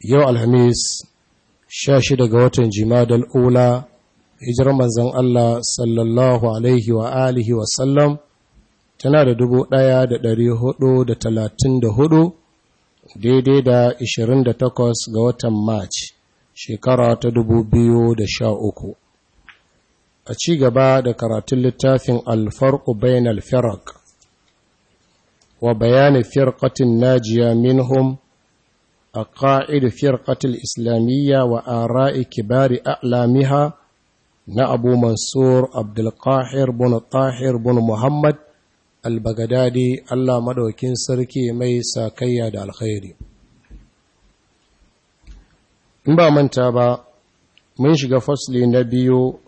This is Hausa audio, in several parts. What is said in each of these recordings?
yau alhamis sha shida ga watan jimadal ula hijirar manzan Allah sallallahu alaihi wa alihi wasallam tana da dubu ɗaya da ɗari hudu da talatin da hudu daidai da ishirin da takwas ga watan march shekara ta dubu biyu da sha uku a ci gaba da karatun littafin alfarku bayan alfirak wa bayanin firkatin najiya minhum A أقائد فرقة الإسلامية وآراء كبار na abu منصور عبد القاهر بن طاهر بن محمد البغدادي الله مدوكين سركي مي ساكيا da Alkhairi. in ba manta ba mun shiga fasli na biyu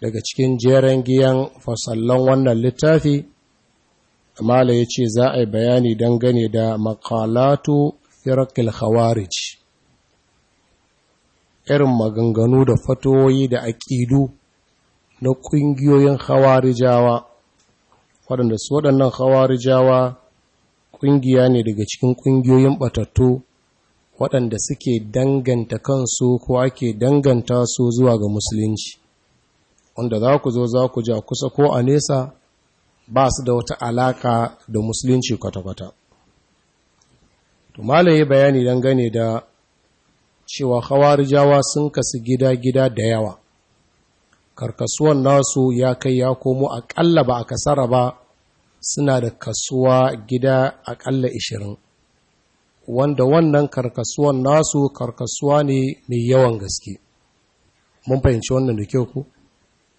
daga cikin jeren giyan fasallan wannan littafi amala ya za a yi bayani dangane da makalatu firakil khawarij irin maganganu da fatoyi da aƙidu na ƙungiyoyin hawarijawa waɗanda su waɗannan hawarijawa ƙungiya ne daga cikin ƙungiyoyin ɓatattu waɗanda suke danganta kansu ko ake danganta su zuwa ga musulunci wanda za ku zo za ku ja kusa ko a nesa ba su da wata alaƙa da musulunci kwata-kwata to ya bayani dangane da cewa hawarijawa sun kasu gida-gida da yawa karkasuwan nasu ya kai ya komo akalla ba a kasara ba suna da kasuwa gida akalla ishirin wanda wannan karkasuwan nasu karkasuwa ne mai yawan gaske mun fahimci wannan da kyau ku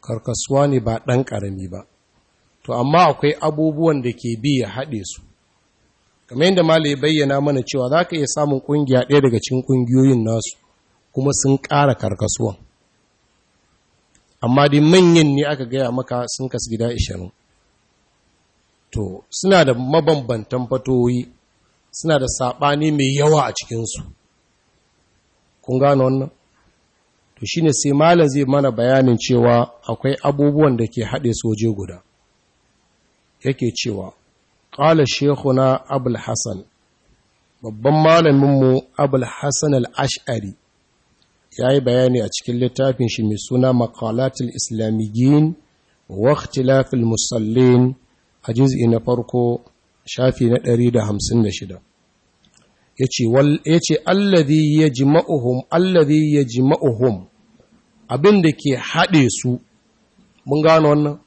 karkasuwa ne ba ɗan ƙarami ba to amma akwai abubuwan da ke bi ya haɗe su kamar yadda ya bayyana mana cewa za ka iya samun ƙungiya ɗaya daga cikin ƙungiyoyin nasu kuma sun ƙara karkasuwan amma dai manyan ne aka gaya maka sun kasu gida ishirin to suna da mabambantan fatoyi suna da saɓani mai yawa a cikinsu kun gano wannan to shine sai malam zai mana bayanin cewa akwai abubuwan da ke haɗe soje guda yake cewa ƙala shekuna abul hassan babban malaminmu abul hassan al'ash'ari ya yi bayani a cikin littafin shi mai suna makalatul islamiyyin waktilafil musallin a jiz'i na farko shafi na 156 ya ce allazi ya jima'uhum allazi ya jima'uhum abin da ke haɗe su mun gano wannan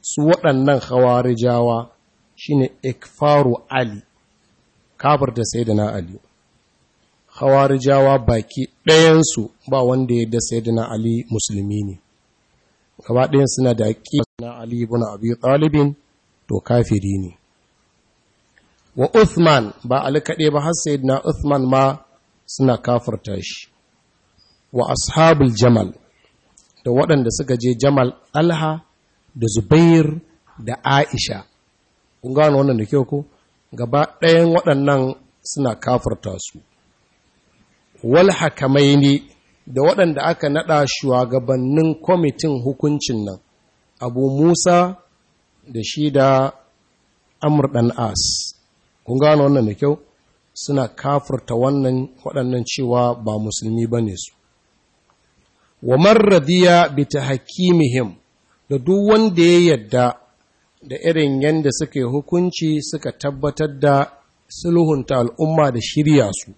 su waɗannan hawarijawa shine ikfaru ali da sayyidina ali khawarijawa baki ɗayansu ba wanda ya da sayyidina ali musulmi ne gaba ɗaya suna da aqida na ali ibn abi ɗalibin to kafiri ne wa uthman ba ali kaɗai ba har sayyidina uthman ma suna kafirta shi wa ashabul jamal da waɗanda suka je jamal alha da zubair da aisha kun gano wannan da kyau ko gaba ɗayan waɗannan suna kafarta su Walhakamai ne da waɗanda aka naɗa shugabannin kwamitin hukuncin nan abu musa da shi da amur ɗan as kun gano wannan da kyau suna kafarta wannan waɗannan cewa ba musulmi ba ne su wa marradiya bi ta hakimihim da duk wanda ya yadda da irin yadda suke hukunci suka tabbatar da sulhunta al'umma da shirya su.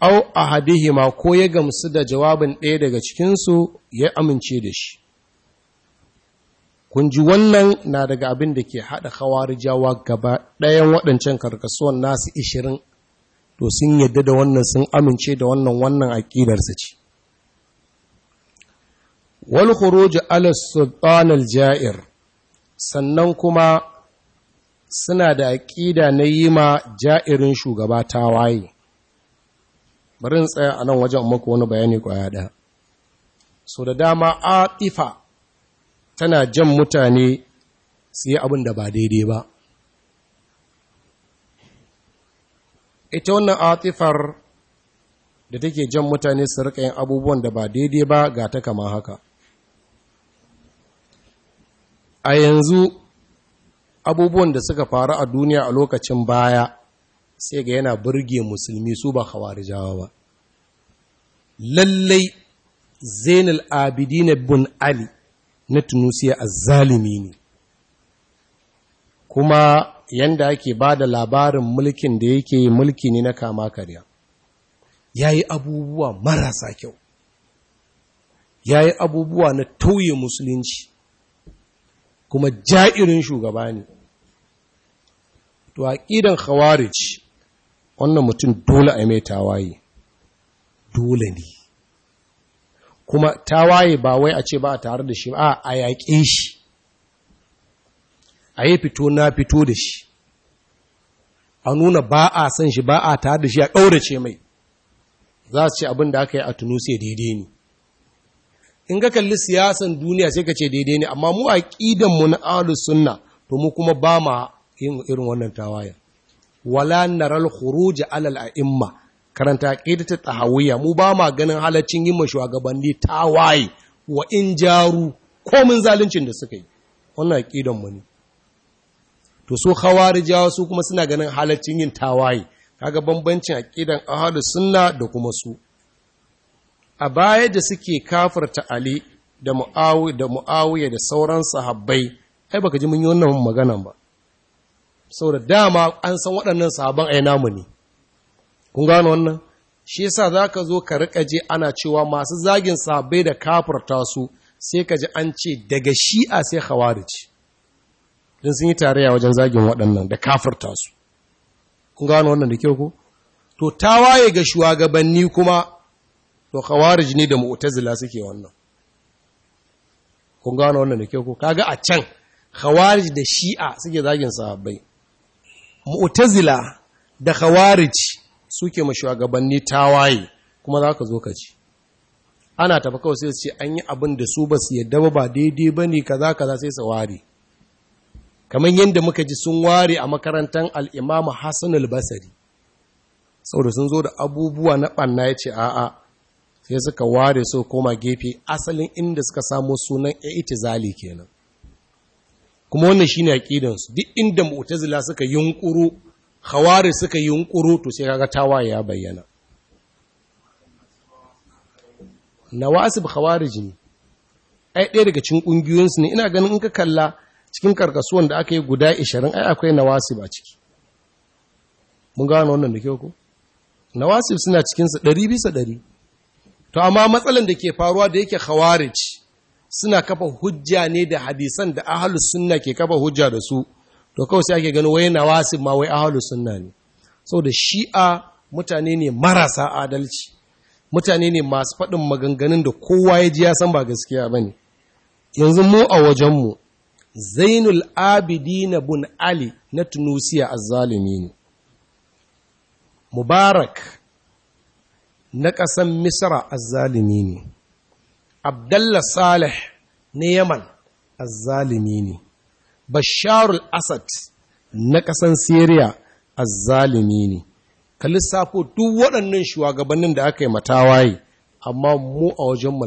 Au a hadihima ko ya gamsu da jawabin ɗaya daga cikinsu ya amince da shi. Kun ji wannan na daga abin da ke haɗa jawa gaba ɗayan waɗancan karkasuwan nasu ishirin, to sun yadda da wannan sun amince da wannan wannan aƙidarsa ce. wal khuruj ala sultan al ja'ir sannan kuma suna da aƙida na yi ma ja'irin shugaba waye. bari in tsaya anan nan wajen muku wani bayani kwaya ɗaya so da dama atifa tana jan mutane su yi abin da ba daidai ba ita wannan atifar da take jan mutane su rika yin abubuwan da ba daidai ba ga ta kama haka a yanzu abubuwan da suka faru a duniya a lokacin baya sai ga yana burge musulmi su ba khawarijawa ba lallai Abidi abidin bin ali na tunusiya zalimi ne kuma yanda ake ba da labarin mulkin da yake mulki ne na kama karya ya yi abubuwa marasa kyau ya yi abubuwa na tauye musulunci kuma ja'irin shugaba ne to aƙidan khawarij wannan mutum dole a mai tawaye dole ne kuma tawaye ba wai a ce ba a tare da shi ba a yaƙe shi a yi fito na fito da shi a nuna ba a san shi ba a tare da shi a ɗaurace mai za su ce abin da aka yi a tunusiya daidai ne in ka kalli siyasan duniya sai ka ce daidai ne amma mu a mu na ahlus sunna to mu kuma ba ma yin irin wannan tawayen wala naral khuruj alal a'imma karanta ta tahawiyya mu ba ma ganin halaccin yin shugabanni tawaye wa in jaru ko mun zaluncin da suka yi wannan aqidan mu ne to su khawarijawa su kuma suna ganin halaccin yin tawaye kaga bambancin aqidan ahlus sunna da kuma su a baya da suke kafarta ali da mu'awiya da sauran sahabbai ai baka ji mun yi wannan maganan ba saboda dama an san waɗannan sahabban ai namu ne kun gano wannan shi yasa zaka zo ka rika je ana cewa masu zagin sahabbai da kafarta su sai ka ji an ce daga shi'a sai khawarij don sun yi tarayya wajen zagin waɗannan da kafar su kun gano wannan da kyau ko to tawaye ga shugabanni kuma to khawarij ne da mu'tazila suke wannan kun gano wannan da ke ko kaga a can khawarij da shi'a suke zagin sahabbai mu'tazila da khawarij suke ma shugabanni tawaye kuma za ka zo ka ci ana tafi kawai sai su ce an yi abin da su ba su yadda ba ba daidai ba ne kaza kaza sai su ware kamar yadda muka ji sun ware a makarantar al'imama hassan albasari saboda sun zo da abubuwa na ɓanna ya ce a'a sai suka ware su koma gefe asalin inda suka samu sunan i'tizali kenan kuma wannan shine a ƙidansu duk inda mu'tazila suka yunkuru khawari suka yunkuru to sai kaga tawa ya bayyana nawasib khawarij ne ai ɗaya daga cikin kungiyoyin su ne ina ganin in ka kalla cikin karkasuwan da aka yi guda 20 ai akwai nawasib a ciki mun gano wannan da kyau ko nawasib suna cikin su bisa ɗari. To, amma matsalan da ke faruwa da yake khawarij suna kafa hujja ne da hadisan da ahalus sunna ke kafa hujja da su, to kawai sai ake gani wai wasu ma wai ahalus sunna ne. Saboda shi'a mutane ne marasa adalci, mutane ne masu faɗin maganganun da kowa ya ji ya san ba gaskiya ba ne. Yanzu mu a wajenmu, Zainul Abidina Bun Ali na Tunusiya azzalumi ne. Mubarak na ƙasan misra azzalimi ne abdalla salih na yaman azzalimi ne basharul asad na ƙasan syria azzalimi ne ka lissafo duk waɗannan shugabannin da aka yi matawaye amma mu a wajenmu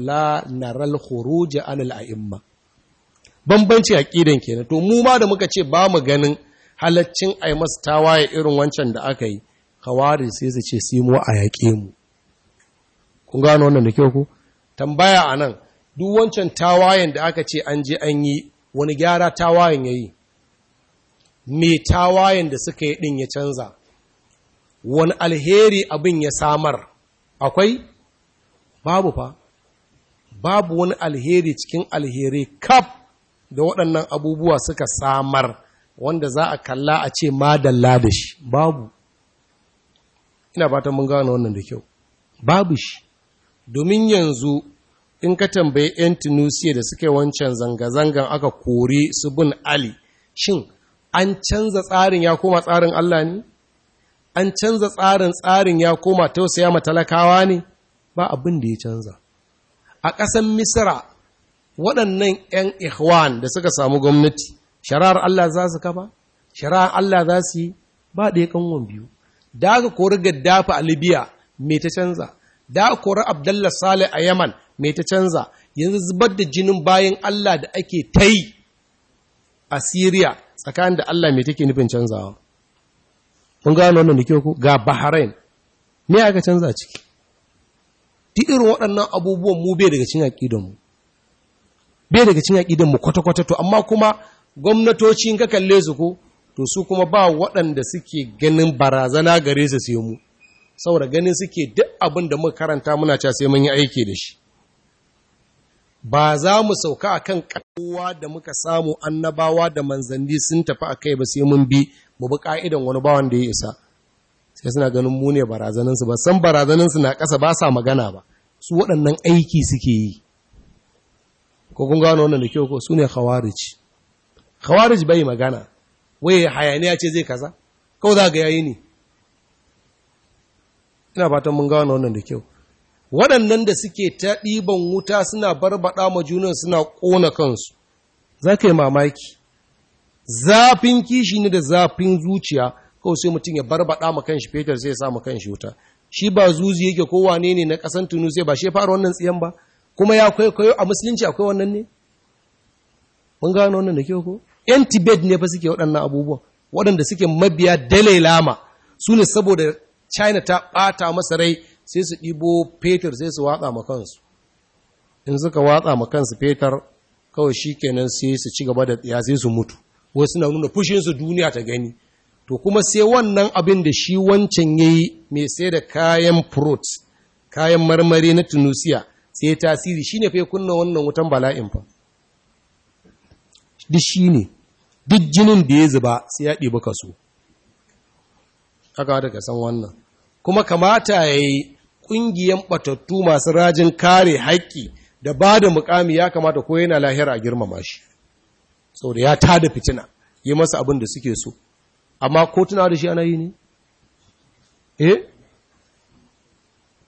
la naral khuruji anil a'imma bambanci aƙidan kenan to mu ma da muka ce ba mu ganin halaccin ai masu tawaye irin wancan da aka yi khawarij sai zace ce sai mu a yaƙe mu kun gano wannan da kyau ku tambaya anan duk wancan tawayen da aka ce an je an yi wani gyara tawayen yayi me tawayen da suka yi ɗin ya canza wani alheri abin ya samar akwai babu fa babu wani alheri cikin alheri kaf da waɗannan abubuwa suka samar wanda za a kalla a ce madalla da shi babu ina fatan mun gane wannan da kyau babu shi domin yanzu in ka tambayi 'yan tunisia da suke wancan zanga-zangan aka kore su bin ali shin an canza tsarin ya koma tsarin allah ne an canza tsarin tsarin ya koma tausaya talakawa ne ba abin da ya canza a ƙasan misira waɗannan 'yan ikhwan da suka samu gwamnati shara'ar allah za su kafa shara'ar allah za su yi ba ɗaya kanwan biyu da aka kori gaddafi a libya me ta canza da aka kori abdallah saleh a yaman me ta canza yanzu zubar da jinin bayan allah da ake ta yi a syria tsakanin da allah me take nufin canzawa kun gano wannan da ke ku ga bahrain me aka canza ciki Ti irin waɗannan abubuwan mu bai daga cin mu bai daga cin mu kwata-kwata to amma kuma gwamnatoci in ka kalle su ko to su kuma ba waɗanda suke ganin barazana gare su sai mu saboda ganin suke duk abin da muka karanta muna cewa sai mun yi aiki da shi ba za mu sauka akan kowa da muka samu annabawa da manzanni sun tafi akai ba sai mun bi mu bi ka'idan wani bawan da ya isa sai suna ganin mu ne barazanin su ba san barazanin su na ƙasa ba sa magana ba su waɗannan aiki suke yi ko kun gano wannan da kyau ko su ne khawarij khawarij bai magana waye hayaniya ce zai kaza kawai za ga yayi ne ina fatan mun gano wannan da kyau waɗannan da suke ta ɗiban wuta suna barbaɗa ma junan suna ƙona kansu za ka yi mamaki zafin kishi ne da zafin zuciya kawai sai mutum ya barbaɗa ma kanshi fetur sai ya sa ma kanshi wuta shi ba zuzi yake ko wane ne na ƙasan sai ba shi ya fara wannan tsiyan ba kuma ya kwaikwayo a musulunci akwai wannan ne mun gano wannan da kyau ko 'yan tibet ne fa suke waɗannan abubuwan waɗanda suke mabiya dalai lama su ne saboda china ta ɓata masa rai sai su ɗibo fetur sai su watsa ma kansu in suka watsa ma kansu fetur kawai shi kenan sai su ci gaba da tsiya sai su mutu wasu na nuna fushinsu duniya ta gani to kuma sai wannan abin da shi wancan ya yi mai sai da kayan furot kayan marmari na tunisia sai tasiri shi ne fai kunna wannan wutan bala'in fa duk shi ne duk jinin da ya zuba sai ya ɗiba kaso haka daga san wannan kuma kamata ya yi ƙungiyan ɓatattu masu rajin kare haƙƙi da ba da mukami ya kamata ko yana lahira a girmama shi Sau da ya tada fitina yi masa abin da suke so amma ko tuna da shi ana yi ne eh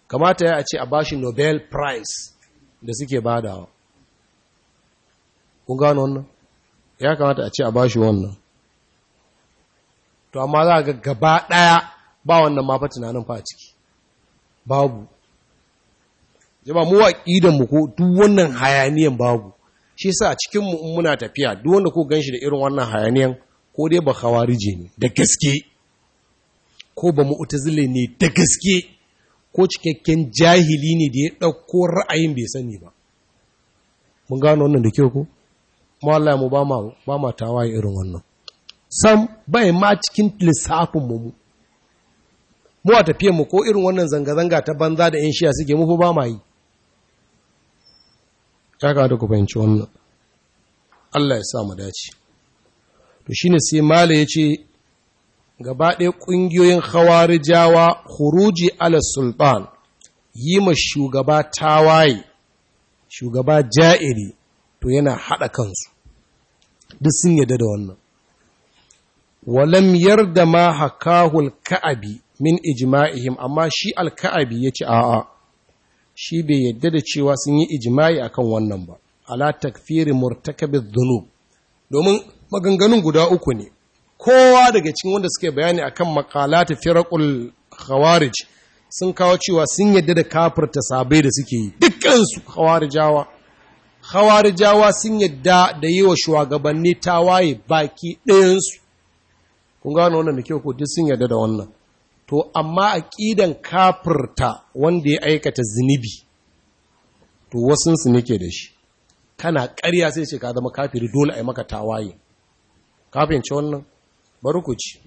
kamata ya ce a bashi nobel prize da suke badawa kun gano wannan ya kamata a ce a bashi wannan to amma za ga gaba ɗaya ba wannan mafa tunanin fa a ciki babu jama mu aqidan mu ko duk wannan hayaniyan babu shi yasa a cikin mu muna tafiya duk wanda ko ganshi da irin wannan hayaniyan ko dai ba khawarije ne da gaske ko ba mu'tazile ne da gaske ko cikakken jahili ne da ya dauko ra'ayin bai sani ba mun gano wannan da kyau ko mu Allah mu ba ma ba ma tawaye irin wannan sam bai ma cikin lissafin mu mu a tafiyar mu ko irin wannan zanga zanga ta banza da yan shiya suke mu fa ba ma yi ya ga da ku fahimci wannan Allah ya sa mu dace to shine sai mala ce, gaba ɗaya ƙungiyoyin khawarijawa khuruji ala sultan yi ma shugaba tawaye shugaba ja'iri to yana haɗa kansu duk sun yadda da wannan walam yarda ma hakahul ka'abi min ijma'ihim amma shi alka'abi ya ce a'a shi bai yadda da cewa sun yi ijma'i akan wannan ba ala takfiri murtakabiz dhunub domin maganganun guda uku ne kowa daga cikin wanda suke bayani akan maqalat firaqul khawarij sun kawo cewa sun yadda da kafirta sabai da suke yi dukkan su khawarijawa Khawarijawa sun yadda da yi wa shugabanni tawaye baki ɗayansu kun gano wannan da kyau kotu sun yadda da wannan to amma a ƙidan kafirta wanda ya aikata zunubi to wasunsu nake da shi kana karya sai ce ka zama kafiri dole a yi maka tawaye kafin ci wannan bari ku ci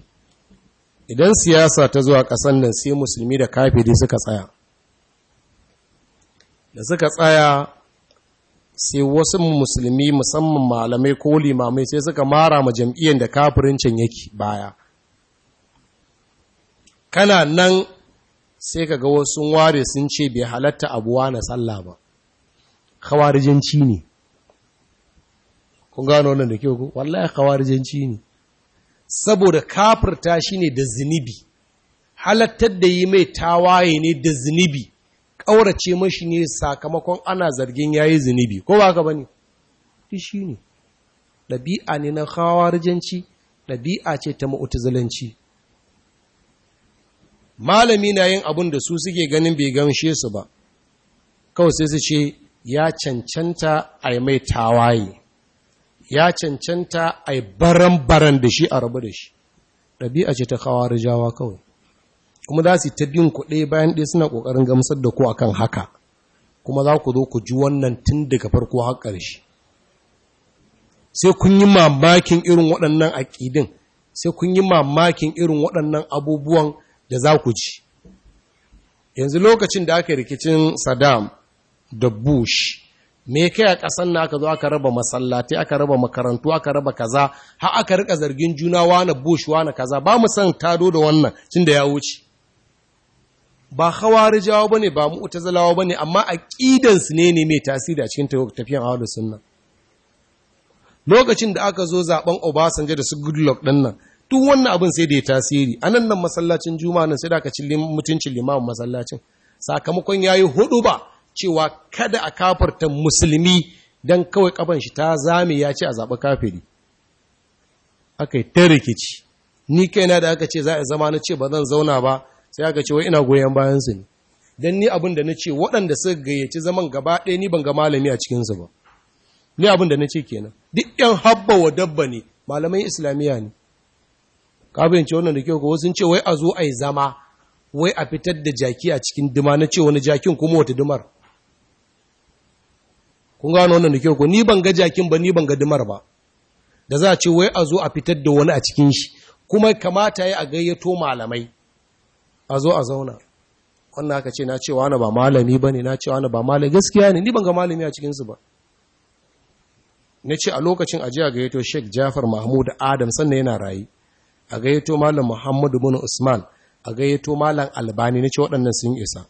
idan siyasa ta zuwa ƙasan nan sai musulmi da kafiri suka tsaya da suka tsaya sai wasu musulmi musamman malamai ko limamai sai suka mara ma jam'iyyar da kafirincin yake baya kana nan sai ka ga wasu ware sun ce bai halatta abuwa na sallah ba kawarijanci ne kun gano wannan da kyau ku wallahi kawarijanci ne saboda kafirta shine da zunubi halattar da yi mai tawaye ne da zunubi ƙaurace mashi ne sakamakon ana zargin ya yi zunubi ko ba ka ba ne shi ne ɗabi'a ne na hawarijanci ɗabi'a ce ta ma'utazalanci malami na yin abin da su suke ganin bai gamshe su ba kawai sai su ce ya cancanta a yi mai tawaye ya cancanta a yi baran-baran da shi a rabu da shi ɗabi'a ce ta hawarijawa kawai kuma za su ta bin kuɗi bayan ɗaya suna ƙoƙarin gamsar da ku akan haka kuma za ku zo ku ji wannan tun daga farko har ƙarshe sai kun yi mamakin irin waɗannan aƙidin sai kun yi mamakin irin waɗannan abubuwan da za ku ji yanzu lokacin da aka rikicin saddam da bush me kai a ƙasar na aka zo aka raba masallatai aka raba makarantu aka raba kaza har aka rika zargin juna wani bush wani kaza ba mu san tado da wannan da ya wuce ba khawarijawa bane ba mu'tazilawa bane amma aqidan su ne ne mai tasiri a cikin tafiyan ahlus sunna lokacin da aka zo zaben Obasanjo da su Goodluck din nan duk wannan abin sai da ya tasiri anan nan masallacin juma'a nan sai da aka ci mutuncin limamin masallacin sakamakon yayi hudu ba cewa kada a kafarta musulmi dan kawai kafan shi ta zame ya ce a zaɓi kafiri aka yi ta rikici ni kaina da aka ce za a zama na ce ba zan zauna ba sai aka ce wai ina goyon bayan su ne dan ni abin da nace waɗanda suka gayyaci zaman gaba ɗaya ni ban ga malami a cikin su ba ni abin da nace kenan duk ƴan habba wa dabba ne malamai islamiyya ne ka bayyance wannan da kyau ko sun ce wai a zo ai zama wai a fitar da jaki a cikin dima na ce wani jakin kuma wata dimar kun gano wannan da kyau ko ni ban ga jakin ba ni ban ga dimar ba da za a ce wai a zo a fitar da wani a cikin shi kuma kamata ya a gayyato malamai a zo a zauna wannan aka ce na ce wani ba malami ba ne na ce wani ba malami gaskiya ne ni ban ga malami a cikinsu ba na ce a lokacin ajiya gayyato sheik jafar mahmud adam sannan yana rayu a gayyato malam muhammadu bin usman a gayyato malam albani na ce waɗannan sun isa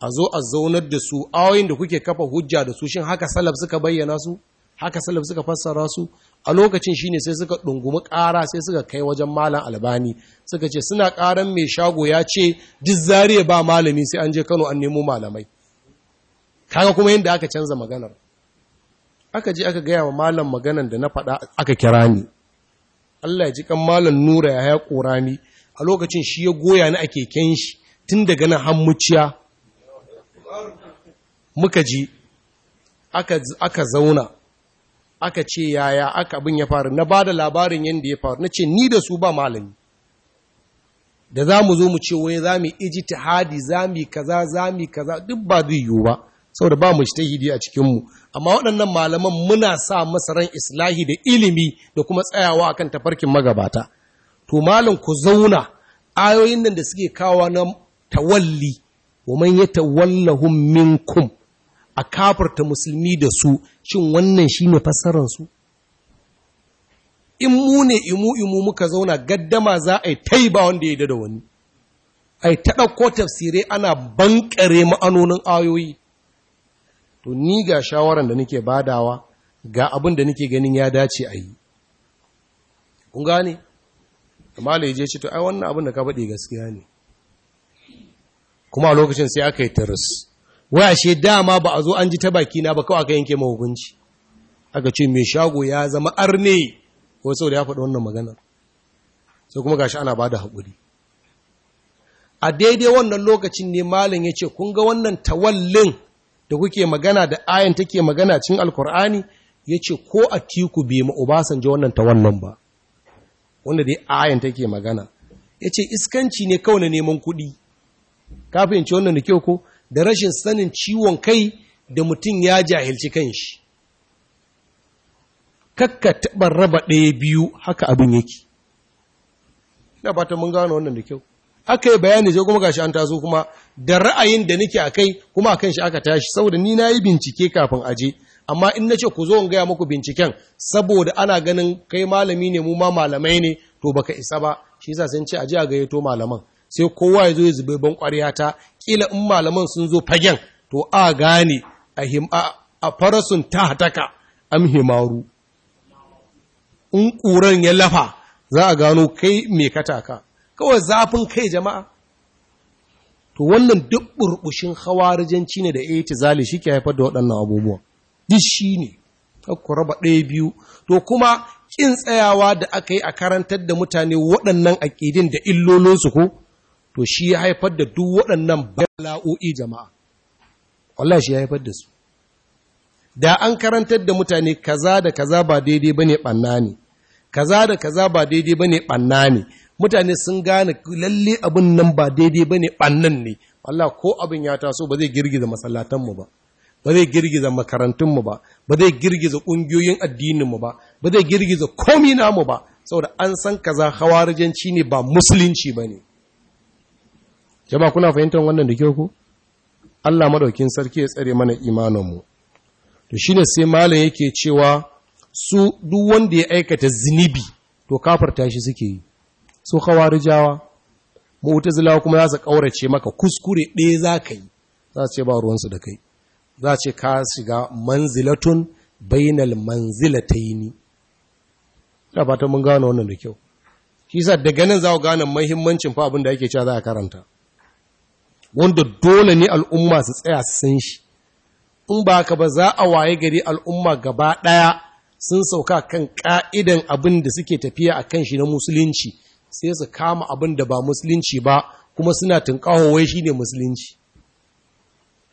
a zo a zaunar da su ayoyin da kuke kafa hujja da su shin haka salaf suka bayyana su haka salaf suka fassara su a lokacin shine sai suka ɗungumi ƙara sai suka kai wajen malam albani suka ce suna ƙaran mai shago ya ce duk zariya ba malami sai an je kano an nemo malamai kaga kuma yadda aka canza maganar aka je aka gaya wa malam maganar da na faɗa aka kira ni Allah ya ji kan malam nura ya haya ƙora ni a lokacin shi ya goya ni a keken shi tun daga nan hammuciya muka ji aka zauna aka ce yaya aka abin ya faru na ba da labarin yadda ya faru na ce ni da su ba malami da za mu zo mu ce wai za mu iji tahadi za mu kaza za mu kaza duk ba zai yiwu ba saboda ba mu shi a cikinmu amma waɗannan malaman muna sa masaran islahi da ilimi da kuma tsayawa akan tafarkin magabata to malam ku zauna ayoyin nan da suke kawo na tawalli wa man yatawallahum minkum a kafarta musulmi da su shin wannan shi ne fassararsu in mu ne imu imu muka zauna gaddama za a yi taiba wanda ya da wani a yi taɗa ko tafsirai ana bankare ma'anonin ayoyi to ni ga shawaran da nake badawa ga abin da nake ganin ya dace a yi kun gane amma je ce to ai wannan abin da ka faɗi gaskiya ne kuma a lokacin sai aka yi taras waya wayashe dama ba a zo an ji ta baki na ba kawai aka yanke mahukunci aka ce mai shago ya zama arne wasu da ya faɗi wannan maganar sai kuma gashi ana ba da haƙuri a daidai wannan lokacin ne malin ya ce kun ga wannan tawallin da kuke magana da ayan take magana cin alkur'ani ya ce ko a tiku bai ma ji wannan tawallon ba wanda dai ayan take magana ya ce iskanci ne kawai na neman kuɗi kafin ci wannan da kyau ko da rashin sanin ciwon kai da mutum ya jahilci kan kanshi kakka taɓa raba ɗaya biyu haka abin yake da ba ta mun gano wannan da kyau aka yi bayani sai kuma gashi an taso kuma da ra'ayin da nake a kai kuma kan shi aka tashi saboda ni yi bincike kafin aje amma in na ce ku zo in gaya muku binciken saboda ana ganin kai malami ne mu ma malamai ne to baka isa ba shi yasa sun ce aje a gayyato malaman sai kowa ya zo ya zube ban ƙwariya ta kila in malaman sun zo fagen to a gane a farasun ta hataka am himaru in ƙuran ya lafa za a gano kai mai kataka kawai zafin kai jama'a to wannan duk burbushin hawarijanci ne da zali shi ke haifar da waɗannan abubuwan duk shi ne ku raba ɗaya biyu to kuma ƙin tsayawa da aka yi a karantar da mutane waɗannan aƙidin da illolinsu ko to shi ya haifar da duk waɗannan bala'o'i jama'a Allah shi ya haifar da su da an karantar da mutane kaza da kaza ba daidai bane ɓanna ne kaza da kaza ba daidai bane ɓanna ne mutane sun gane lalle abin nan ba daidai bane bannan ne Allah ko abin ya taso ba zai girgiza masallatanmu ba ba zai girgiza makarantunmu ba ba zai girgiza ƙungiyoyin addininmu ba ba zai girgiza komi namu ba saboda an san kaza hawarijanci ne ba musulunci ba ne jama kuna fahimtar wannan da kyau ku Allah madaukin sarki ya tsare mana imaninmu to shine sai malam yake cewa su duk wanda ya aikata zinubi to kafarta shi suke yi su khawarijawa mu'tazilawa kuma za su kaurace maka kuskure ɗaya za ka yi za su ce ba ruwansu da kai za ce ka shiga manzilatun bainal manzilataini da fatan mun gano wannan da kyau shi daga nan za ku gane muhimmancin fa abin da ake cewa za a karanta wanda dole ne al'umma su tsaya su san shi in ba ka ba za a waye gari al'umma gaba ɗaya sun sauka kan ƙa'idan abin da suke tafiya a kan shi na musulunci sai su kama abin da ba musulunci ba kuma suna tunkahowai shi ne musulunci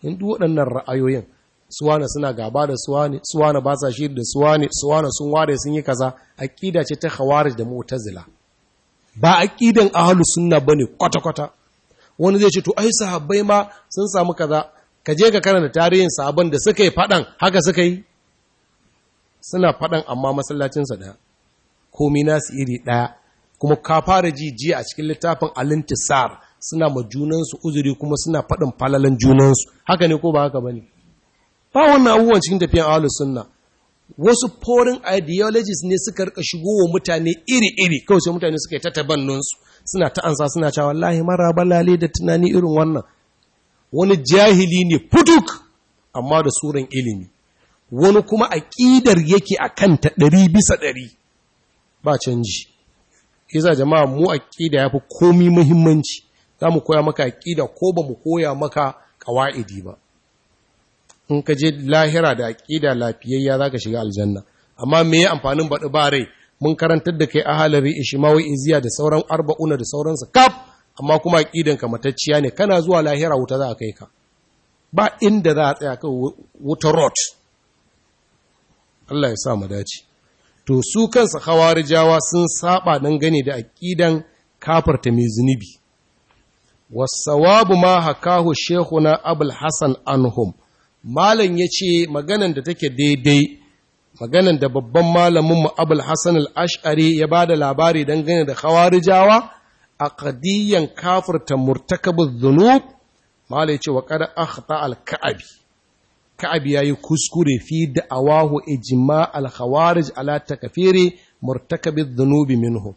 in waɗannan ra'ayoyin suwana suna gaba da suwane suwana ba sa shiri da suwane suwana sun ware sun yi kaza aƙida ce ta haware da mu'tazila ba aƙidan ahlus sunna ne kwata-kwata wani zai ce to ai sahabbai ma sun samu kaza ka je ka karanta tarihin sabon da suka yi faɗan haka suka yi suna faɗan amma masallacinsa da komi nasu iri daya kuma ka fara ji a cikin littafin al-intisar suna ma junansu uzuri kuma suna faɗin falalan junansu haka ne ko ba haka bane ne ba wannan abubuwan cikin tafiyan ahlus sunna wasu foreign ideologies ne suka rika shigo wa mutane iri-iri kawai sai mutane suka yi ta suna ta ansa, suna cewa wallahi mara balale da tunani irin wannan wani jahili ne putuk, amma da suran ilimi wani kuma aƙidar yake a ta ɗari bisa ɗari ba canji kisa jama'a mu aƙida yafi fi komi muhimmanci zamu koya maka aƙida ko ba mu koya maka ƙawa'idi ba in ka je lahira da aƙida lafiyayya zaka shiga aljanna amma me amfanin baɗi ba rai mun karantar da kai ahalari ishmawi iziya da sauran arba'una da sauransu kaf amma kuma aqidan ka matacciya ne kana zuwa lahira wuta za a kai ka ba inda za a tsaya ka wuta rot Allah ya sa mu dace to su kansu jawa sun saba dan gane da aqidan kafarta mai zunubi wasawabu ma hakahu shekuna abul hasan anhum malam yace maganan da take daidai maganan da babban malamin mu abul hasan al-ash'ari ya ba da labari dangane da khawarijawa a qadiyan kafirta murtakabuz zunub, malai ce wa qad akhta al-ka'abi ka'abi yayi kuskure fi awahu ijma' al-khawarij ala takfiri murtakabin zunubi minhu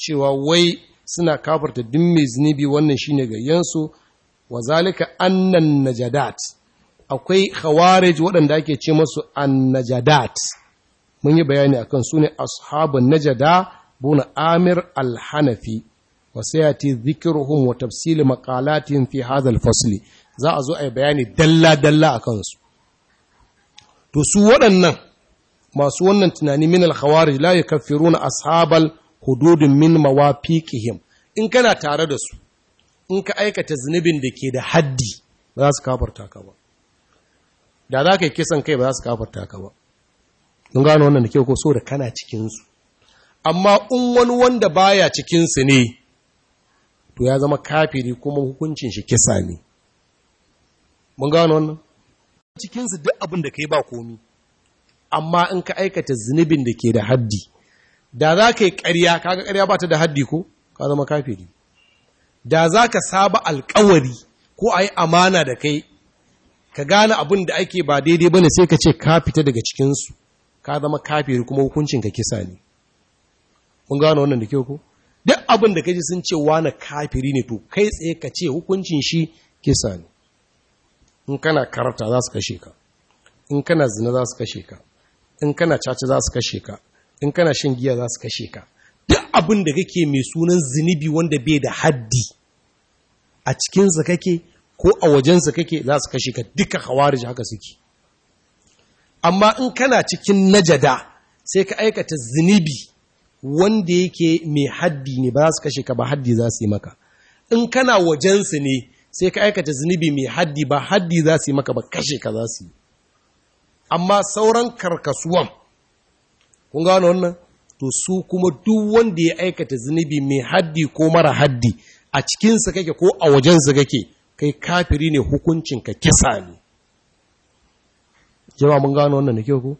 cewa wai suna kafirta din mai zunubi wannan shine gayyansu wa zalika annan najadat akwai khawarij waɗanda ake ce masu annajadat mun yi bayani akan su ne ashabun najada buna amir alhanafi wa ya ce zikiruhun wa tafsil maqalatin fi hazal fasli za a zo a yi bayani dalla-dalla a kansu to su waɗannan masu wannan tunani min alkhawarij la yukaffiruna ashabal hududun min mawafiqihim in kana tare da su in ka aikata zunubin da ke da haddi ba za su kafarta ka ba da za ka yi kisan kai ba za su kafarta ka ba mun gano wannan da kyau ko so da kana cikinsu amma in wani wanda baya cikinsu ne to ya zama kafiri kuma hukuncin shi kisa ne mun gano wannan cikinsu duk abin da kai ba komi amma in ka aikata zunubin da ke da haddi da za ka yi ƙarya kaga ƙarya ba ta da haddi ko ka zama kafiri da za ka saba alkawari ko a yi amana da kai ka gane abin da ake ba daidai bane sai ka ce ka fita daga cikinsu ka zama kafiri kuma hukuncin ka kisa ne kun gane wannan da kyau ko duk abin da kaji sun ce wani kafiri ne to kai tsaye ka ce hukuncin shi kisa ne in kana karata za su kashe ka in kana zina za su kashe ka in kana caca za su kashe ka in kana shan giya za su kashe ka duk abin da kake mai sunan zunubi wanda bai da haddi a cikinsa kake ko a wajensa kake za su kashe ka duka khawarij haka suke amma in kana cikin najada sai ka aikata zunubi wanda yake mai haddi ne ba za su kashe ka ba haddi za su yi maka in kana wajensa ne sai ka aikata zunubi mai haddi ba haddi za su yi maka ba kashe ka za su yi amma sauran karkasuwan kun gano wannan to su kuma duk wanda ya aikata zunubi mai haddi ko mara haddi a cikinsa kake ko a wajensa kake kai kafiri ne hukuncinka kisa ne jama mun gano wannan da ke ku,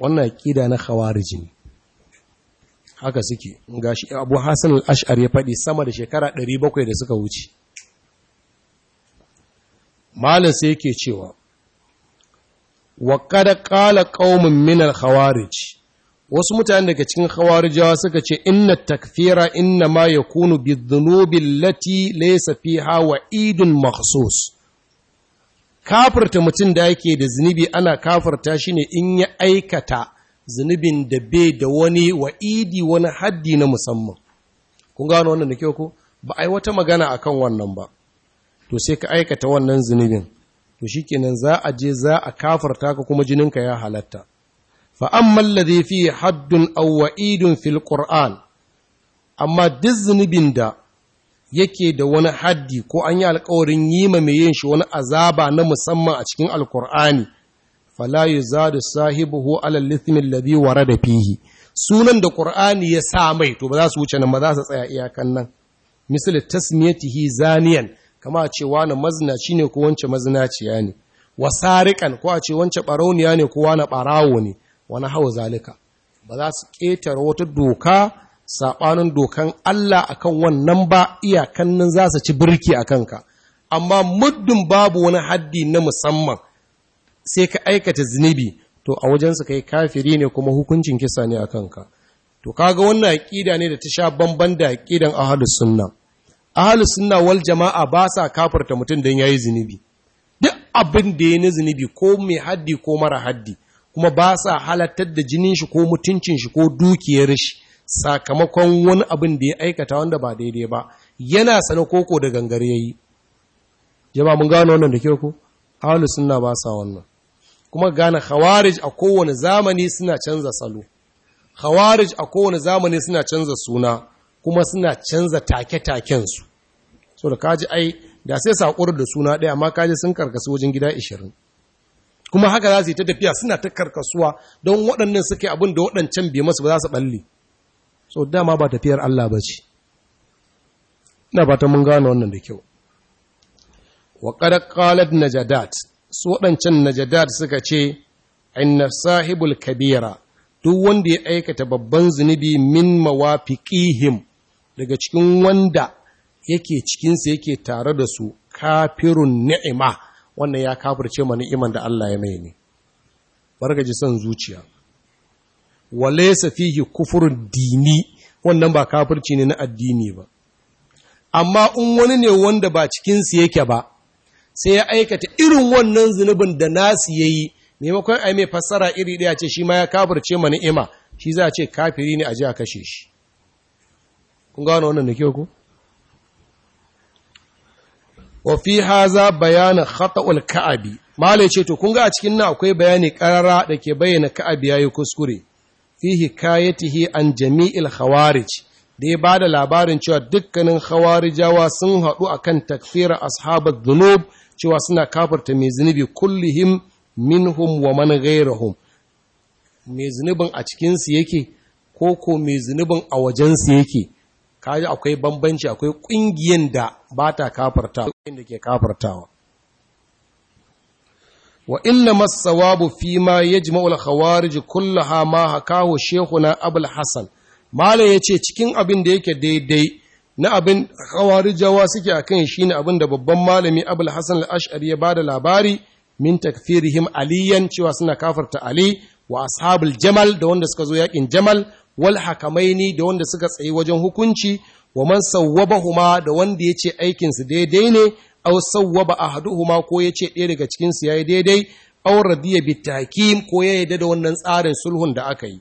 wannan aqida na khawarij ne haka suke gashi Abu Hasan al-Ash'ari ya faɗi sama da shekara 700 da suka wuce malam sai yake cewa wa qad qala qaumun min al-khawarij wasu mutane daga cikin hawarijawa suka ce inna takfira inna ma yakunu lati allati fi hawa, wa'idun maksus kafirta mutum da yake da zunubi ana kafarta shi ne in ya aikata zunubin da bai da wani wa'idi wani haddi na musamman kun gano wannan da kyau ko ba a yi wata magana a kan wannan ba to sai ka aikata wannan zunubin to shikenan za a je za a kafirta ka kuma jininka ya halatta fa amma alladhi fi haddun aw wa'idun amma duk zunubin da yake da wani haddi ko an yi alkawarin yi ma mai yin shi wani azaba na musamman a cikin alkur'ani fala yuzadu sahibuhu ala lithmi alladhi warada fihi sunan da qur'ani ya sa mai to ba za su wuce nan ba za su tsaya iyakan nan misal tasmiyatihi zaniyan kama a ce wani mazinaci ne ko wance mazinaciya ne wasarikan ko a ce wance barauniya ne ko wani barawo ne wani hawa zalika ba za su ƙetare wata doka saɓanin dokan Allah a akan wannan ba iyakannin za su ci birki a kanka amma muddin babu wani haddi na musamman sai ka aikata zunubi to a wajensu kai kafiri ne kuma hukuncin kisa ne a kanka to kaga wannan aƙida ne da ta sha bamban da aƙidan ahlus sunna ahlus sunna wal jama'a ba sa kafarta mutum dan yayi zunubi duk abin da ya na zunubi ko mai haddi ko mara haddi kuma ba sa halattar da jinin shi ko mutuncin shi ko dukiyar shi sakamakon wani abin da ya aikata wanda ba daidai ba yana sana koko da gangar yayi jama mun gano wannan da kyau ko ahlus sunna ba sa wannan kuma gane khawarij a kowane zamani suna canza salo khawarij a kowane zamani suna canza suna kuma suna canza take-taken su so da kaji ai da sai sakur da suna ɗaya amma kaji sun karkasu wajen gida 20 kuma haka za su yi ta tafiya suna ta karkasuwa don waɗannan suke abin da waɗancan bai masu ba za su ɓalle so dama ba tafiyar Allah ba ce ina ba ta mun gane wannan da kyau wa ƙalad na jadat su waɗancan jadat suka ce inna sahibul kabira duk wanda ya aikata babban zunubi min mawafiqihim daga cikin wanda yake cikinsa yake tare da su kafirun ni'ima wannan ya kafirce ma ni'iman da Allah ya mai ne ji son zuciya walaysa fihi kufurun dini wannan ba kafirci ne na addini ba amma in wani ne wanda ba cikinsu yake ba sai ya aikata irin wannan zunubin da nasu ya yi maimakon ai mai fassara iri ɗaya ce shi ma ya kafirce ma ni'ima shi za a ce kafiri ne a ji a kashe shi kun gano wannan da kyau ku wa fi haza bayanin khata'ul ka'abi mala ce to kun ga a cikin nan akwai bayani karara da ke bayyana ka'abi yayi kuskure fi hikayatihi an jami'il khawarij da ya ba da labarin cewa dukkanin khawarijawa sun haɗu akan takfira ashabar dhunub cewa suna kafarta mai zunubi kullihim minhum wa man ghayrahum mai zunubin a cikinsu yake ko ko mai zunubin a wajensu yake kaji akwai bambanci akwai ƙungiyar da ba ta kafartawa da ke kafartawa wa inna masawabu fi ma yajma'ul khawarij kullaha ma hakahu shekuna abul hasan mala ce cikin abin da yake daidai na abin khawarijawa suke a kan shi shine abin da babban malami abul hasan al'ashari ya ya da labari min takfirihim aliyan cewa suna kafarta ali wa ashabul jamal da wanda suka zo yakin jamal wal hakamaini da wanda suka tsayi wajen hukunci wa man sawwabahuma da wanda ya ce aikinsu daidai ne aw sawwaba ahaduhuma ko ya ce ɗaya daga cikinsu ya yi daidai aw radiya bitakim ko ya yarda da wannan tsarin sulhun da aka yi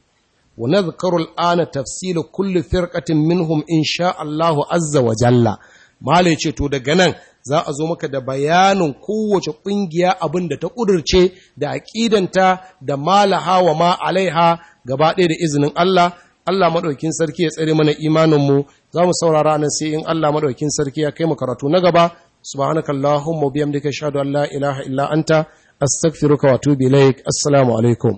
wa nadhkaru al'ana tafsilu kulli firqatin minhum insha Allahu azza wa jalla malai ce to daga nan za a zo maka da bayanin kowace ƙungiya abin da ta ƙudurce da aƙidanta da malaha wa ma alaiha gaba ɗaya da izinin Allah Allah maɗaukin sarki ya tsare mana imanin mu zamu saurara nan sai in Allah maɗaukin sarki ya kai mu karatu na gaba subhanakallahumma bihamdika ashhadu an la ilaha illa anta astaghfiruka wa atubu ilaik assalamu alaikum